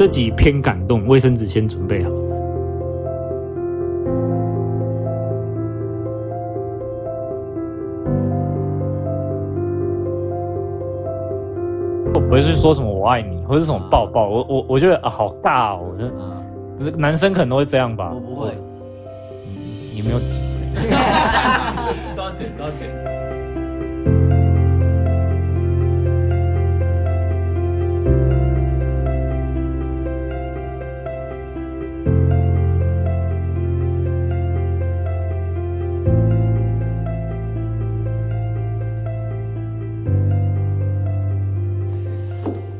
這集偏感動，衛生紙先準備好。我不會是說什麼我愛你，或者是什麼抱抱，我我我覺得啊，好尬哦，這，這、啊、男生可能都會這樣吧？我不會、嗯，你沒有？ 抓緊，抓緊。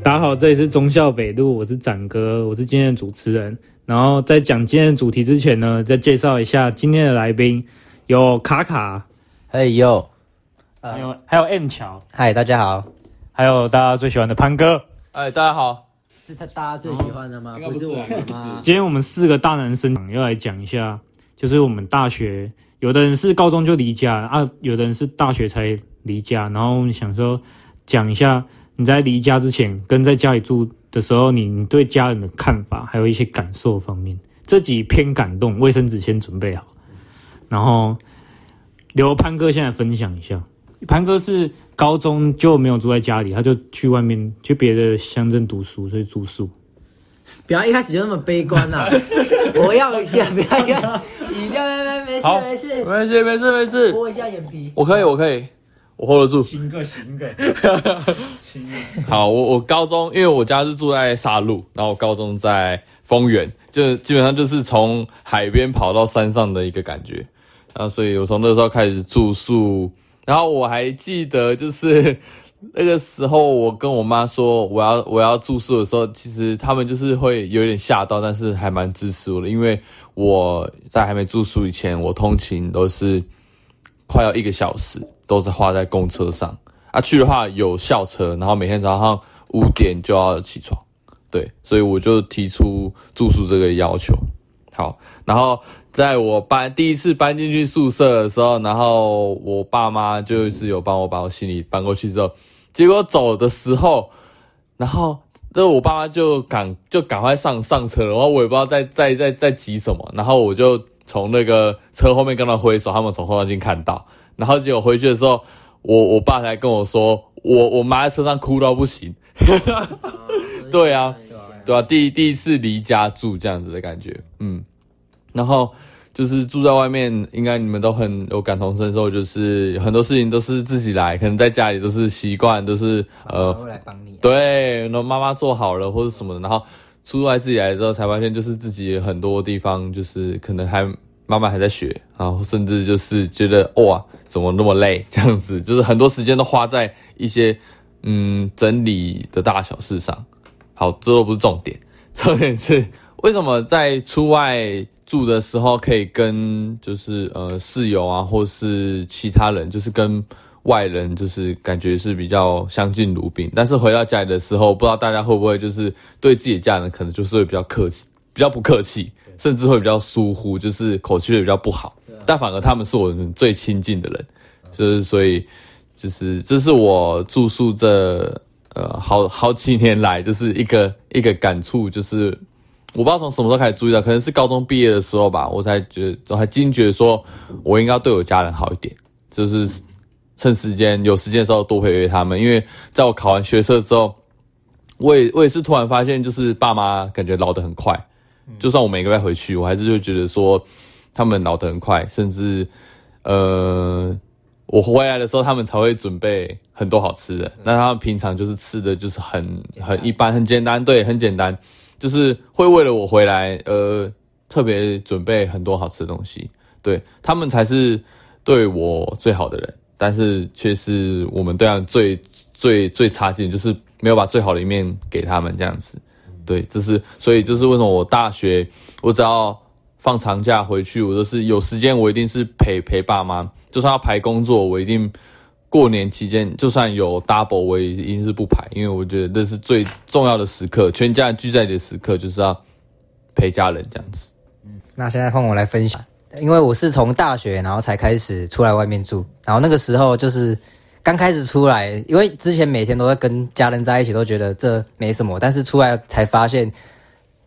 大家好，這裡是中笑北錄，我是展哥，我是今天的主持人。然後在講今天的主題之前呢，再介紹一下今天的來賓，有卡卡，hey yo, uh, 還有還有還有 M 巧，嗨，大家好，還有大家最喜歡的潘哥，哎，hey, 大家好，是他大家最喜歡的嗎？Oh, 不是我們嗎？今天我們四個大男生要來講一下，就是我們大學，有的人是高中就離家啊，有的人是大學才離家，然後想說講一下。你在離家之前跟在家裡住的時候，你你對家人的看法，還有一些感受方面，這集偏感動，衛生紙先準備好，然後由潘哥現在分享一下。潘哥是高中就沒有住在家裡，他就去外面去別的鄉鎮讀書，所以住宿。不要一開始就那麼悲觀吶、啊！ 我要一下，不要一，不要，沒事沒事好沒事沒事沒事，撥一下眼皮我，我可以我可以。我 hold 得住，行個行個，行個。 好，我我高中，因為我家是住在沙鹿，然後我高中在豐原，就基本上就是從海邊跑到山上的一個感覺。那所以，我從那個時候開始住宿，然後我還記得，就是那個時候我跟我媽說我要我要住宿的時候，其實他們就是會有點嚇到，但是還蠻支持我的，因為我在還沒住宿以前，我通勤都是快要一個小時。都是花在公車上，啊，去的話有校車，然後每天早上五點就要起床，對，所以我就提出住宿這個要求。好，然後在我搬第一次搬進去宿舍的時候，然後我爸媽就是有幫我把我行李搬過去之後，結果走的時候，然後那我爸媽就趕就趕快上上車了，然後我也不知道在在在在急什麼，然後我就從那個車後面跟他揮手，他們從後視鏡看到。然後結果回去的時候，我我爸才跟我說，我我媽在車上哭到不行。 對啊，對，對啊，第第一次離家住這樣子的感覺，嗯。然後就是住在外面，應該你們都很有感同身受，就是很多事情都是自己來，可能在家裡都是習慣，都、就是呃，媽媽來幫你啊，對，然後媽媽做好了或者什麼的，然後出來自己來之後，才發現就是自己很多地方就是可能還。媽媽還在學，然後甚至就是覺得哇、哦啊，怎麼那麼累？這樣子就是很多時間都花在一些嗯整理的大小事上。好，這都不是重點，重點是為什麼在出外住的時候可以跟就是呃室友啊，或是其他人，就是跟外人就是感覺是比較相敬如賓，但是回到家裡的時候，不知道大家會不會就是對自己的家人可能就是會比較客氣，比較不客氣。甚至會比較疏忽，就是口氣會比較不好。但反而他們是我們最親近的人，就是所以就是這是我住宿這呃好好幾年來就是一個一個感觸，就是我不知道從什麼時候開始注意到，可能是高中畢業的時候吧，我才覺得才驚覺說，我應該要對我家人好一點，就是趁時間有時間的時候多陪陪他們。因為在我考完學測之後，我也我也是突然發現，就是爸媽感覺老得很快。就算我每個月回去，我還是會覺得說，他們老得很快，甚至，呃，我回來的時候，他們才會準備很多好吃的。那他們平常就是吃的就是很很一般，很簡單，對，很簡單，就是會為了我回來，呃，特別準備很多好吃的東西。對。他們才是對我最好的人，但是卻是我們對他們最最最差勁，就是沒有把最好的一面給他們這樣子。對，就是所以，就是為什麼我大學，我只要放長假回去，我都是有時間，我一定是陪陪爸媽。就算要排工作，我一定過年期間，就算有 double，我也一定是不排，因為我覺得那是最重要的時刻，全家聚在一起的時刻就是要陪家人這樣子。嗯，那現在換我來分享，因為我是從大學然後才開始出來外面住，然後那個時候就是。剛開始出來，因為之前每天都在跟家人在一起，都覺得這沒什麼。但是出來才發現，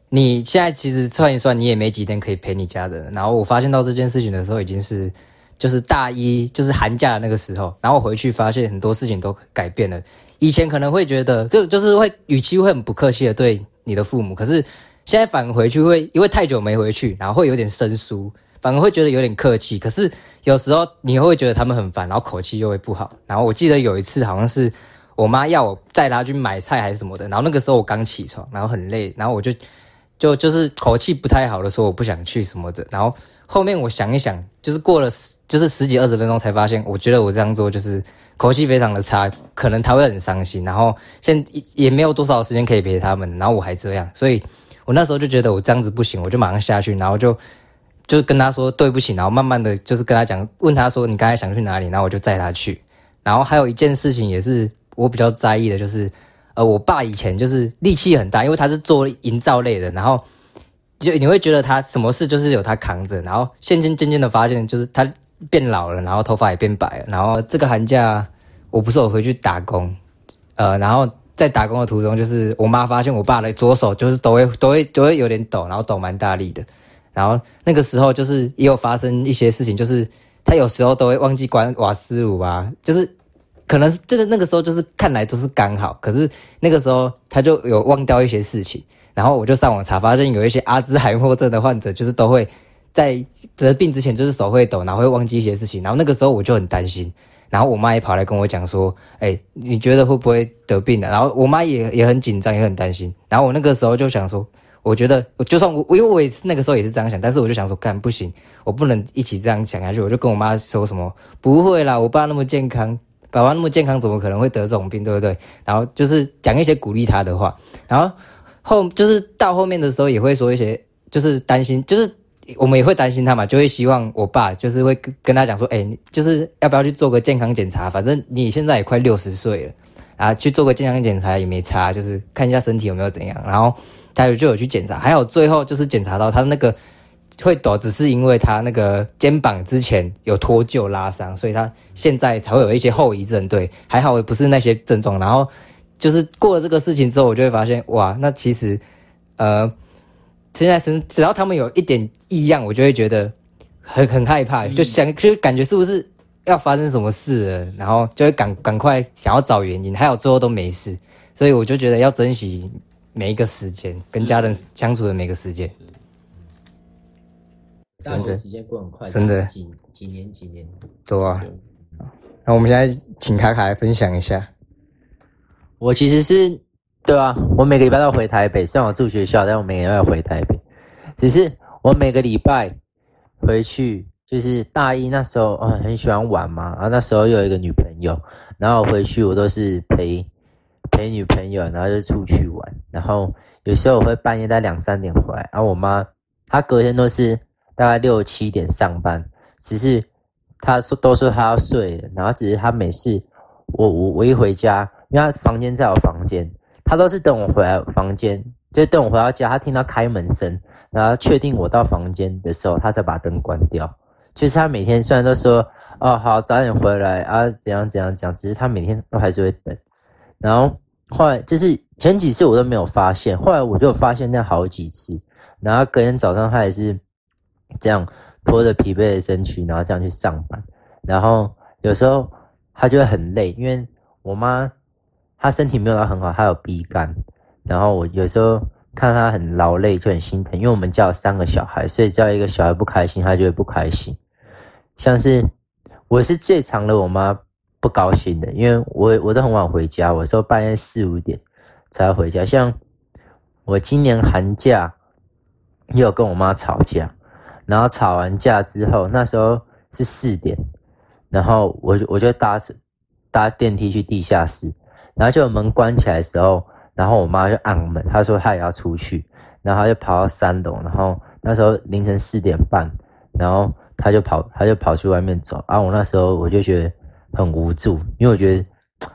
你現在其實算一算，你也沒幾天可以陪你家人。然後我發現到這件事情的時候，已經是就是大一就是寒假的那個時候。然後回去發現很多事情都改變了。以前可能會覺得就就是會語氣會很不客氣的對你的父母，可是現在反而回去會因為太久沒回去，然後會有點生疏。反而會覺得有點客氣，可是有時候你會覺得他們很煩，然後口氣就會不好。然後我記得有一次好像是我媽要我帶她去買菜還是什麼的，然後那個時候我剛起床，然後很累，然後我就就就是口氣不太好的說我不想去什麼的。然後後面我想一想，就是過了就是十幾二十分鐘才發現，我覺得我這樣做就是口氣非常的差，可能她會很傷心。然後現也沒有多少時間可以陪他們，然後我還這樣，所以我那時候就覺得我這樣子不行，我就馬上下去，然後就。就跟他說對不起，然後慢慢的就是跟他講，問他說你剛才想去哪裡，然後我就載他去。然後還有一件事情也是我比較在意的，就是呃，我爸以前就是力氣很大，因為他是做營造類的，然後就你會覺得他什麼事就是有他扛着。然後現今漸漸的發現，就是他變老了，然後頭髮也變白了。然後這個寒假，我不是我回去打工，呃，然後在打工的途中，就是我媽發現我爸的左手就是都會都會都會有點抖，然後抖蠻大力的。然後那個時候就是也有發生一些事情，就是他有時候都會忘記關瓦斯爐啊，就是可能就是那個時候就是看來都是剛好，可是那個時候他就有忘掉一些事情。然後我就上網查，發現有一些阿茲海默症的患者就是都會在得病之前就是手會抖，然後會忘記一些事情。然後那個時候我就很擔心，然後我媽也跑來跟我講說：“欸，你覺得會不會得病啊？”然後我媽也也很緊張，也很擔心。然後我那個時候就想說。我覺得就算我，因為我也是那個時候也是這樣想，但是我就想說，幹，不行，我不能一起這樣想下去。我就跟我媽說，什麼不會啦，我爸那麼健康，爸爸那麼健康，怎麼可能會得這種病，對不對？然後就是講一些鼓勵他的話。然後後就是到後面的時候，也會說一些，就是擔心，就是我們也會擔心他嘛，就會希望我爸就是會跟，跟他講說，誒、欸，就是要不要去做個健康檢查？反正你現在也快六十歲了，啊，去做個健康檢查也沒差，就是看一下身體有沒有怎樣。然後。他就有去檢查，還有最後就是檢查到他那個會抖，只是因為他那個肩膀之前有脫臼拉傷，所以他現在才會有一些後遺症。對，還好也不是那些症狀。然後就是過了這個事情之後，我就會發現哇，那其實呃，現在只要他們有一點異樣，我就會覺得很很害怕，就想就感覺是不是要發生什麼事了。然後就會趕趕快想要找原因。還好最後都沒事，所以我就覺得要珍惜。每一個時間跟家人相處的每個時間，真的時間過很快，真的幾幾年幾年多啊。對那我們現在請卡卡來分享一下。我其實是對啊，我每個禮拜都要回台北，雖然我住學校，但我每個禮拜回台北。只是我每個禮拜回去，就是大一那時候，哦，很喜歡玩嘛，啊，那時候又有一個女朋友，然後回去我都是陪。陪女朋友，然後就出去玩，然後有時候我會半夜在兩三點回來，然、啊、後我媽她隔天都是大概六七點上班，只是她說都說她要睡了。然後只是她每次我我我一回家，因為她房間在我房間，她都是等我回來房間，就是，等我回到家，她聽到開門聲，然後確定我到房間的時候，她才把燈關掉。其，就是她每天雖然都說哦好早點回來啊怎樣怎樣怎樣，只是她每天都還是會等，然後。後來就是前幾次我都沒有發現，後來我就發現那好幾次，然後隔天早上他也是這樣拖着疲憊的身軀，然後這樣去上班，然後有時候他就會很累，因為我媽她身體沒有到很好，她有鼻乾，然後我有時候看她很勞累就很心疼，因為我們家有三個小孩，所以只要一個小孩不開心，他就會不開心，像是我是最長的我媽。不高興的，因為我我都很晚回家，有時候半夜四五點才回家。像我今年寒假，又跟我媽吵架，然後吵完架之後，那時候是四點，然後我就我就搭搭電梯去地下室，然後就有門關起來的時候，然後我媽就按門，她說她也要出去，然後她就跑到三樓，然後那時候凌晨四點半，然後她就跑，她就跑去外面走啊。我那時候我就覺得。很無助，因為我覺得，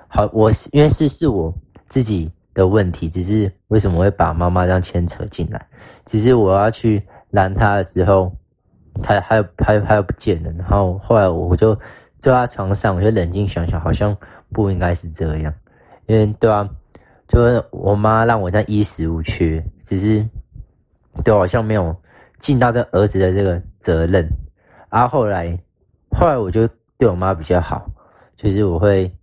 好，我是因為是是我自己的問題，只是為什麼會把媽媽這樣牽扯進來？只是我要去攔她的時候，她還還還不見了。然後後來我就坐在床上，我就冷靜想想，好像不應該是這樣。因為對啊，就是我媽讓我在衣食無缺，只是對，好像沒有盡到這兒子的這個責任。然後、啊、後來，後來我就對我媽比較好。就是我會，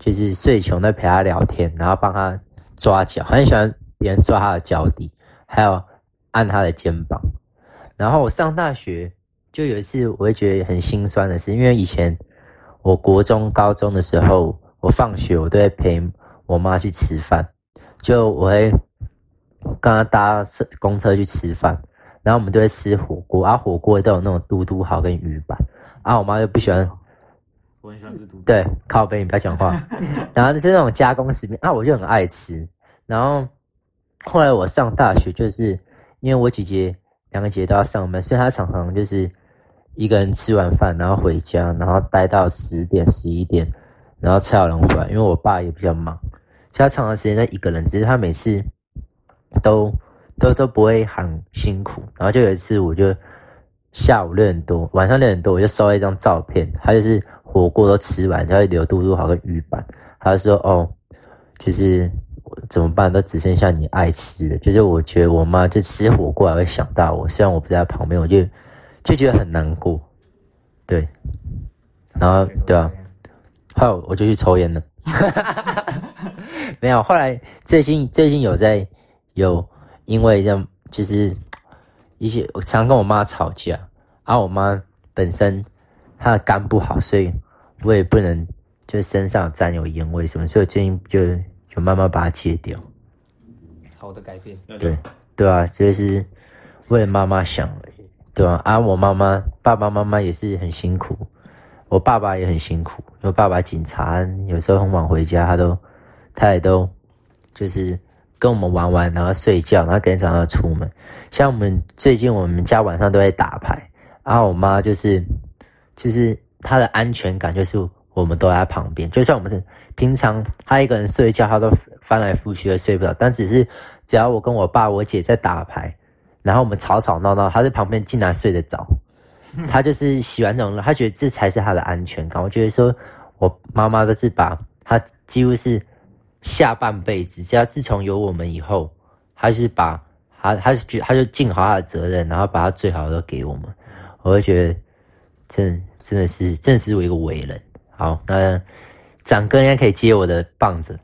就是睡前的陪他聊天，然後幫他抓腳，很喜歡別人抓他的腳底，還有按他的肩膀。然後我上大學就有一次，我會覺得很心酸的是，因為以前我國中、高中的時候，我放學我都會陪我媽去吃飯，就我會跟他搭公車去吃飯，然後我們都會吃火鍋，啊，火鍋都有那種嘟嘟蠔跟魚板，啊，我媽就不喜歡。我很喜歡吃對靠背，你不要講話。 然後就是那種加工食品啊，那我就很愛吃。然後後來我上大學，就是因為我姐姐兩個姐姐都要上班，所以她常常就是一個人吃完飯，然後回家，然後待到十點十一點，然後才有人回來。因為我爸也比較忙，所以他常常時間在一個人，只是他每次都都都不會很辛苦。然後就有一次，我就下午六點多，晚上六點多，我就收了一張照片，他就是。火鍋都吃完，然後就留嘟嘟好個魚板。他就說：“哦，就是怎麼辦，都只剩下你愛吃的。”就是我覺得我媽就吃火鍋還會想到我，雖然我不在旁邊，我就就覺得很難過。對，然後對啊，後來我就去抽煙了。 沒有，後來最近最近有在有因為這樣，就是一些我常跟我媽吵架。啊，我媽本身他的肝不好，所以我也不能就身上有沾有煙味什麼，所以最近就就慢慢把它戒掉。好的改變，對對啊，就是為了媽媽想，對啊。啊，我媽媽、爸爸媽媽也是很辛苦，我爸爸也很辛苦，我爸爸警察，有時候很晚回家，他都他也都就是跟我們玩玩，然後睡覺，然後平早要出門。像我們最近，我們家晚上都在打牌，然後我媽就是。就是他的安全感，就是我們都在旁邊。就像我們平常，他一個人睡覺，他都翻來覆去的睡不著。但只是，只要我跟我爸、我姐在打牌，然後我們吵吵鬧鬧，他在旁邊竟然睡得着。他就是喜歡這種，他覺得這才是他的安全感。我覺得說，我媽媽都是把他幾乎是下半輩子，只要自從有我們以後，他就是把他，他就他就盡好他的責任，然後把他最好的給我們。我就覺得。真的，真的是，真的是我一個偉人。好，那展哥應該可以接我的棒子。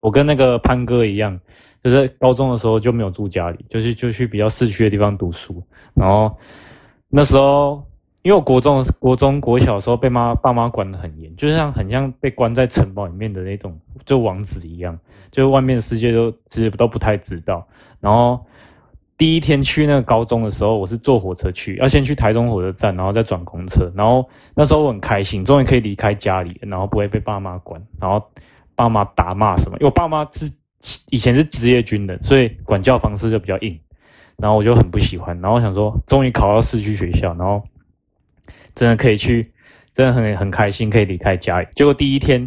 我跟那個潘哥一樣，就是高中的時候就沒有住家裡，就是就去比較市區的地方讀書。然後那時候，因為我國中國中國小的時候被媽爸媽管得很嚴，就像很像被關在城堡裡面的那種，就王子一樣，就外面的世界都其實都不太知道。然後。第一天去那個高中的時候，我是坐火車去，要先去台中火車站，然後再轉公車。然後那時候我很開心，終於可以離開家裡，然後不會被爸媽管，然後爸媽打罵什麼。因為我爸媽是以前是職業軍人，所以管教方式就比較硬，然後我就很不喜歡。然後我想說，終於考到市區學校，然後真的可以去，真的很很開心，可以離開家裡。結果第一天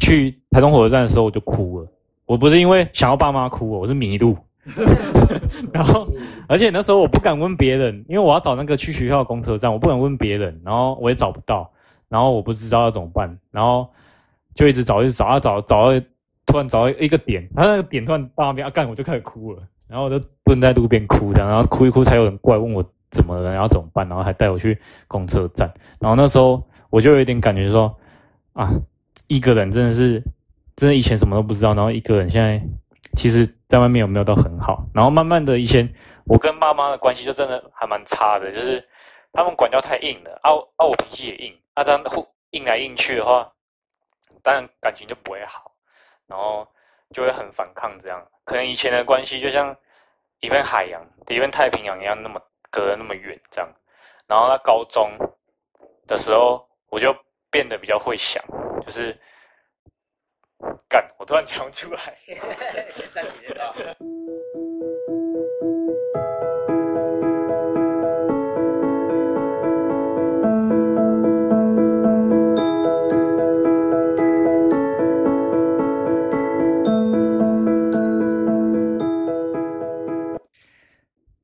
去台中火車站的時候，我就哭了。我不是因為想要爸媽哭，我是迷路。 然後，而且那時候我不敢問別人，因為我要找那個去學校的公車站，我不敢問別人。然後我也找不到，然後我不知道要怎麼辦，然後就一直找一直找啊找，找，找到突然找到一個點，然後那個點突然到那邊啊，幹，我就開始哭了，然後我就蹲在路邊哭，這樣，然後哭一哭才有人過來問我怎麼了，然後怎麼辦，然後還帶我去公車站。然後那時候我就有點感覺說啊，一個人真的是，真的以前什麼都不知道，然後一個人現在其實。在外面有沒有都很好，然後慢慢的一些，我跟爸媽的關係就真的還蠻差的，就是他們管教太硬了，啊啊我脾氣也硬，那、啊、這樣互硬來硬去的話，當然感情就不會好，然後就會很反抗這樣，可能以前的關係就像一片海洋，一片太平洋一樣，那麼隔得那麼遠這樣，然後到高中的時候，我就變得比較會想，就是。幹！我突然講出來， 來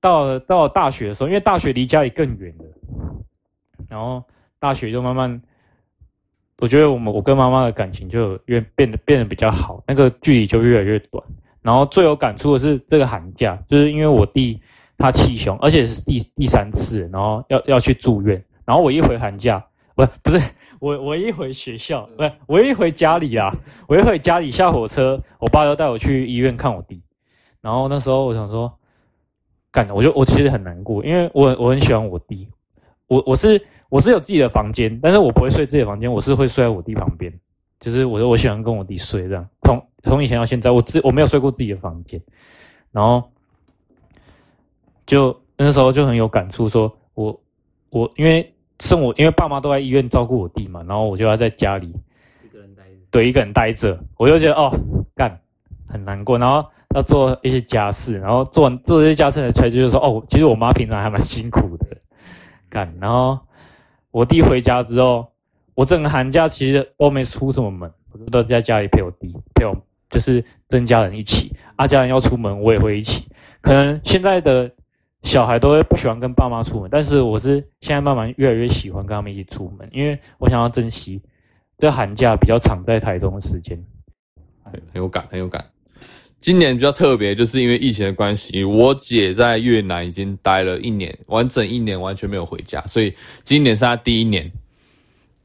到了到了大學的時候，因為大學離家裡更遠了，然後大學就慢慢。我覺得我們我跟媽媽的感情就有越變得變得比較好，那個距離就越來越短。然後最有感觸的是這個寒假，就是因為我弟他氣胸，而且是第第三次，然後要要去住院。然後我一回寒假，不不是我我一回學校，不是我一回家裡啊，我一回家裡下火車，我爸要帶我去醫院看我弟。然後那時候我想說，感，我就我其實很難過，因為我很我很喜歡我弟。我我是我是有自己的房間，但是我不會睡自己的房間，我是會睡在我弟旁邊，就是我我喜歡跟我弟睡這樣。從從以前到現在，我自我沒有睡過自己的房間，然後就那時候就很有感觸，說我我因為剩我因為爸媽都在醫院照顧我弟嘛，然後我就要在家裡一個人待着，對一個人待着，我就覺得哦，幹，很難過，然後要做一些家事，然後做完做這些家事的才覺得說哦，其實我媽平常還蠻辛苦的。幹，然後我弟回家之後，我整個寒假其實都沒出什麼門，我都在家裡陪我弟，陪我就是跟家人一起。阿、啊、家人要出門，我也會一起。可能現在的小孩都會不喜歡跟爸媽出門，但是我是現在慢慢越來越喜歡跟他們一起出門，因為我想要珍惜這寒假比較長在台中的時間。很很有感，很有感。今年比較特別，就是因為疫情的關係，我姐在越南已經待了一年，完整一年完全沒有回家，所以今年是她第一年，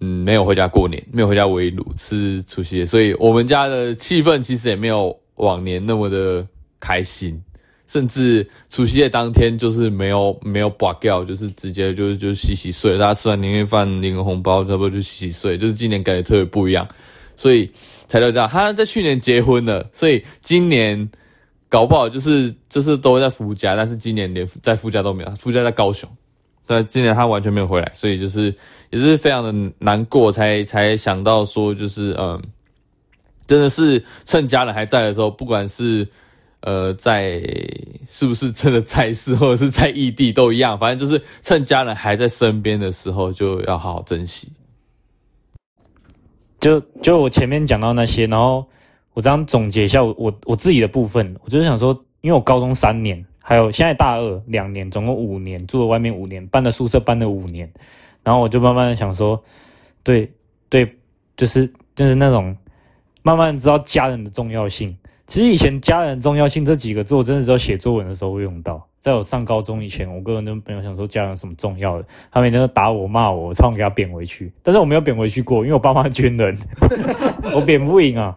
嗯，沒有回家過年，沒有回家圍爐吃除夕夜，所以我們家的氣氛其實也沒有往年那麼的開心，甚至除夕夜當天就是沒有，沒有擺掉，就是直接就是就洗洗睡，大家吃完年夜飯領個紅包，差不多就洗洗睡，就是今年感覺特別不一樣，所以。才到這樣，他在去年結婚了，所以今年搞不好就是就是都在夫家，但是今年連在夫家都沒有，夫家在高雄，但今年他完全沒有回來，所以就是也是非常的難過，才才想到說就是嗯、呃，真的是趁家人還在的時候，不管是呃在是不是真的在世或者是在異地都一樣，反正就是趁家人還在身邊的時候就要好好珍惜。就就我前面講到那些，然後我這樣總結一下我我我自己的部分，我就是想說，因為我高中三年，還有現在大二兩年，總共五年，住了外面五年，搬了宿舍搬了五年，然後我就慢慢的想說，對對，就是就是那種，慢慢知道家人的重要性。其實以前家人重要性這幾個字我真的只有寫作文的時候會用到。在我上高中以前，我個人都沒有想說家人有什麼重要的，他們每天都打我罵我，我常常給他扁回去。但是我沒有扁回去過，因為我爸媽軍人， 我扁不贏啊。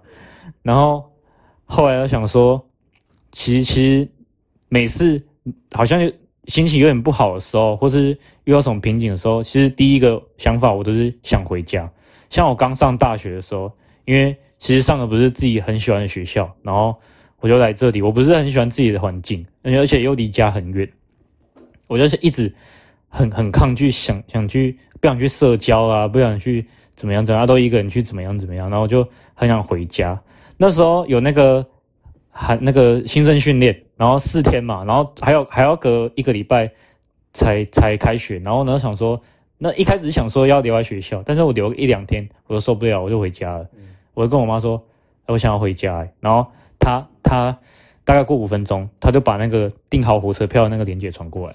然後後來我想說，其實其實每次好像心情有點不好的時候，或是遇到什麼瓶頸的時候，其實第一個想法我都是想回家。像我剛上大學的時候，因為，其實上的不是自己很喜歡的學校，然後我就來這裡。我不是很喜歡自己的環境，而且又離家很遠，我就是一直很很抗拒，想想去不想去社交啊，不想去怎麼樣怎麼樣，啊、都一個人去怎麼樣怎麼樣。然後就很想回家。那時候有那個還那個新生訓練，然後四天嘛，然後還要還要隔一個禮拜才才開學。然後呢，想說那一開始想說要留在學校，但是我留一兩天我就受不了，我就回家了。嗯我就跟我媽說，我想要回家。然後她她大概過五分鐘，她就把那個訂好火車票的那個連結傳過來。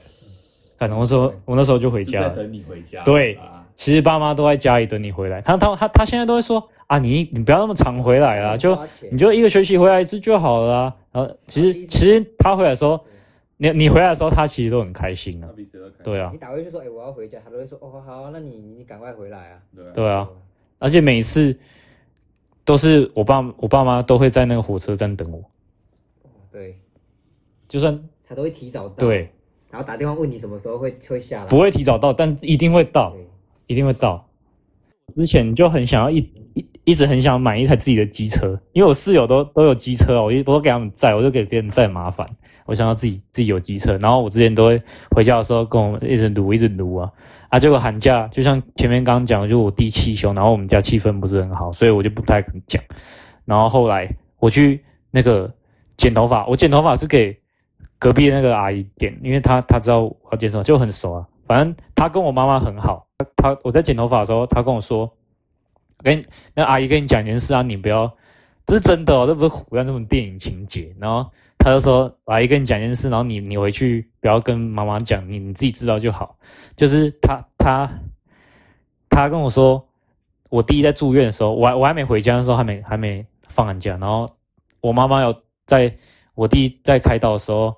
然後我說，我那時候就回家。等你回家。對，其實爸媽都在家裡等你回來。她她她現在都會說啊，你你不要那麼常回來啊，就你就一個學期回來一次就好了啊。然後其實其實她回來的時候，你你回來的時候，她其實都很開心啊。對啊。你打回去說，哎，我要回家，她都會說，哦好好那你你趕快回來啊。對啊，而且每次。都是我爸我爸媽都會在那個火車站等我，對，就算他都會提早到，對，然後打電話問你什麼時候會會下來，不會提早到，但是一定會到，對，一定會到。之前你就很想要一。一直很想買一台自己的機車，因為我室友都都有機車，我我都給他們載，我就給別人載，麻煩。我想要自己自己有機車，然後我之前都會回家的時候跟我一直擼一直擼啊啊！啊結果寒假就像前面剛講，就我弟氣胸，然後我們家氣氛不是很好，所以我就不太敢講。然後後來我去那個剪頭髮，我剪頭髮是給隔壁的那個阿姨剪，因為她她知道我要剪什麼就很熟啊，反正她跟我媽媽很好。她我在剪頭髮的時候，她跟我說。跟那阿姨跟你講件事啊，你不要，不是真的哦、喔，這不是胡亂這種電影情節。然後他就說，阿姨跟你講件事，然後你你回去不要跟媽媽講，你你自己知道就好。就是他他他跟我說，我弟在住院的時候，我我還沒回家的時候還，還沒還沒放寒假，然後我媽媽有在我弟在開刀的時候，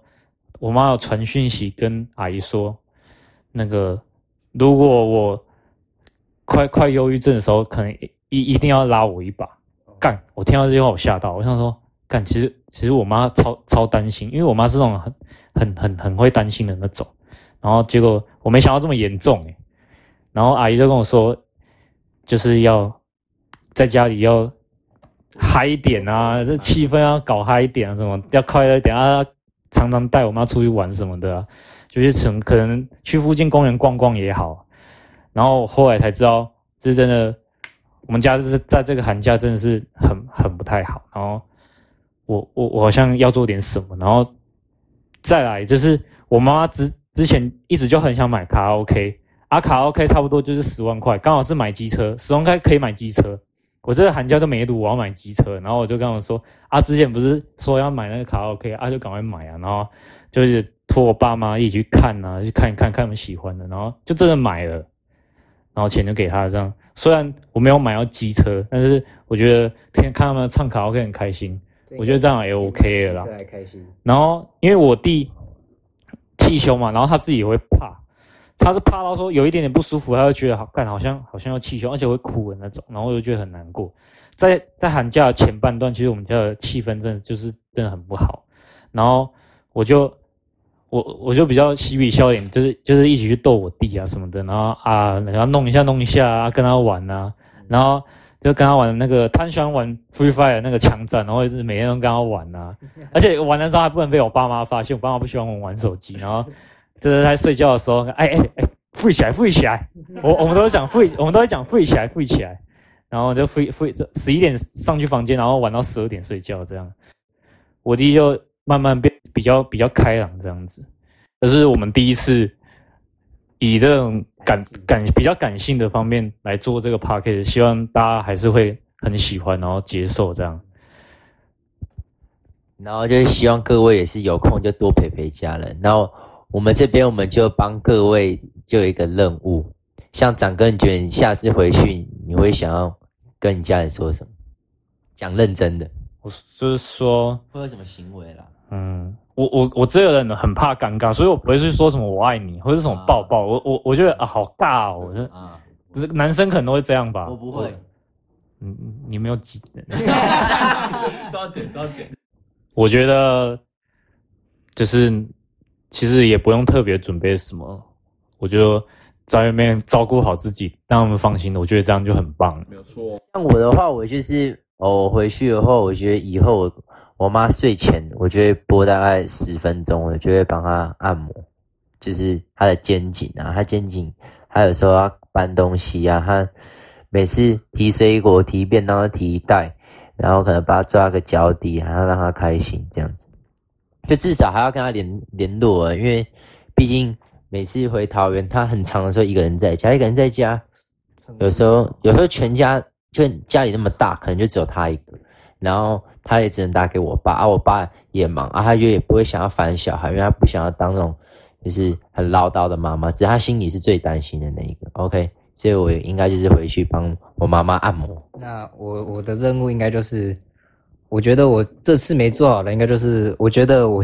我媽媽有傳訊息跟阿姨說，那個如果我。快快憂鬱症的時候，可能一一定要拉我一把。幹，我聽到這句話我嚇到，我想說幹，其實其實我媽超超擔心，因為我媽是那種很很很很會擔心人的那種。然後結果我沒想到這麼嚴重，欸，然後阿姨就跟我說，就是要在家裡要嗨一點啊，這氣氛要搞嗨一點啊，什麼要快樂一點啊，常常帶我媽出去玩什麼的啊，就是成可能去附近公園逛逛也好。然後我後來才知道，這真的。我們家是在這個寒假真的是很很不太好。然後我我我好像要做點什麼。然後再來就是我媽之之前一直就很想買卡拉 OK，啊卡拉 OK 差不多就是十萬塊，剛好是買機車，十萬塊可以買機車。我這個寒假都沒讀，我要買機車。然後我就跟我說啊，之前不是說要買那個卡拉 OK，啊就趕快買啊。然後就是托我爸媽一起去看啊，去看看看有沒有喜歡的，然後就真的買了。然後錢就給他了，這樣，雖然我沒有買到機車，但是我覺得看他們唱卡拉 OK 很開心，我覺得這樣也 OK 了啦。開心。然後因為我弟氣胸嘛，然後他自己也會怕，他是怕到說有一點點不舒服，他就覺得好，幹，好像好像要氣胸，而且會哭的那種，然後我就覺得很難過。在在寒假的前半段，其實我們家的氣氛真的就是真的很不好，然後我就。我我就比較嬉皮笑臉，就是就是一起去逗我弟啊什麼的，然後啊然後弄一下弄一下啊，跟他玩啊，然後就跟他玩那個他喜歡玩 free fire 那個槍戰，然後也是每天都跟他玩啊，而且玩的時候還不能被我爸媽發現，我爸媽不喜歡我們玩手機，然後就是他睡覺的時候，哎哎哎，free、哎、起來 free 起來，我我們都講 free，我們都在講 free 起來 free 起來，然後就 free free，十一點上去房間，然後玩到十二點睡覺這樣，我弟就慢慢變。比較比較開朗這樣子，就是我們第一次以這種感感，性感比較感性的方面來做這個 podcast 希望大家還是會很喜歡，然後接受這樣。然後就是希望各位也是有空就多陪陪家人。然後我們這邊我們就幫各位就有一個任務，像展哥，下次回去你會想要跟你家人說什麼？講認真的，我就是說會有什麼行為啦？嗯，我我我這個人很怕尷尬，所以我不會去說什麼我愛你或者什麼抱抱。我我我覺得啊，好尬哦。我覺得，不、啊、是男生可能都會這樣吧？我不會。你、嗯、你沒有急？ 抓緊抓緊。我覺得就是其實也不用特別準備什麼，我就在外面照顧好自己，讓他們放心的，我覺得這樣就很棒。沒有錯。像我的話，我就是哦，回去的話，我覺得以後。我媽睡前，我就會撥大概十分鐘，我就會幫她按摩，就是她的肩頸啊。她肩頸，她有時候要搬東西啊，她每次提水果、提便當，提一袋，然後可能把她抓個腳底，還要讓她開心這樣子。就至少還要跟她聯聯絡啊，因為畢竟每次回桃園，她很常的時候一個人在家，一個人在家，有時候有時候全家就家裡那麼大，可能就只有她一個，然後。他也只能打給我爸而、啊、我爸也忙啊，他就也不會想要煩小孩，因為他不想要當那種就是很嘮叨的媽媽，只是他心裡是最擔心的那一個。OK，所以我應該就是回去幫我媽媽按摩。那我我的任務應該就是，我覺得我這次沒做好了，應該就是我覺得我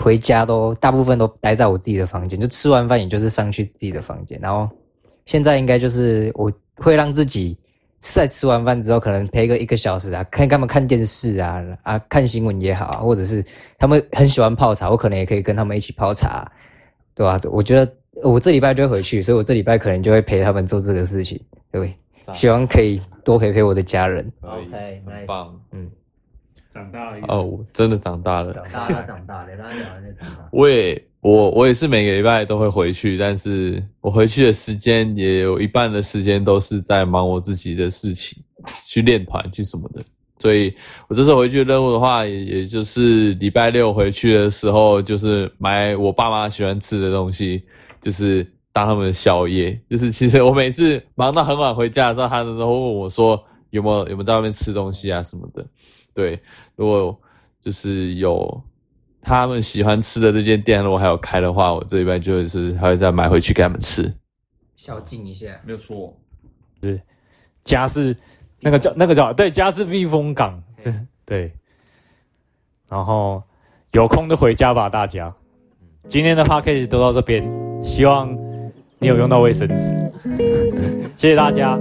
回家都大部分都待在我自己的房間，就吃完飯也就是上去自己的房間，然後現在應該就是我會讓自己。在吃完飯之後，可能陪個一個小時啊，看他們，看電視啊，啊，看新聞也好、啊，或者是他們很喜歡泡茶，我可能也可以跟他們一起泡茶、啊，對吧、啊？我覺得我這禮拜就會回去，所以我這禮拜可能就會陪他們做這個事情，對不對？希望讚 可以多陪陪我的家人。以 OK，蠻棒。Nice. 嗯，長大了哦，oh, 真的長大了, 長大了，長大了，他長大了，他長大了，喂我我也是每個禮拜都會回去，但是我回去的時間也有一半的時間都是在忙我自己的事情，去練團去什麼的。所以，我這次回去的任務的話，也也就是禮拜六回去的時候，就是買我爸媽喜歡吃的東西，就是當他們的宵夜。就是其實我每次忙到很晚回家的時候，他們都會問我說有沒有有沒有在外面吃東西啊什麼的。對，如果就是有。他們喜歡吃的那間店，如果還有開的話，我這一邊就是還會再買回去給他們吃，孝敬一些，沒有錯，哦。對，家是那個叫那個叫對，家是避風港，Okay. 對，然後有空就回家吧，大家。今天的 Podcast 都到這邊，希望你有用到衛生紙，嗯、 謝謝大家。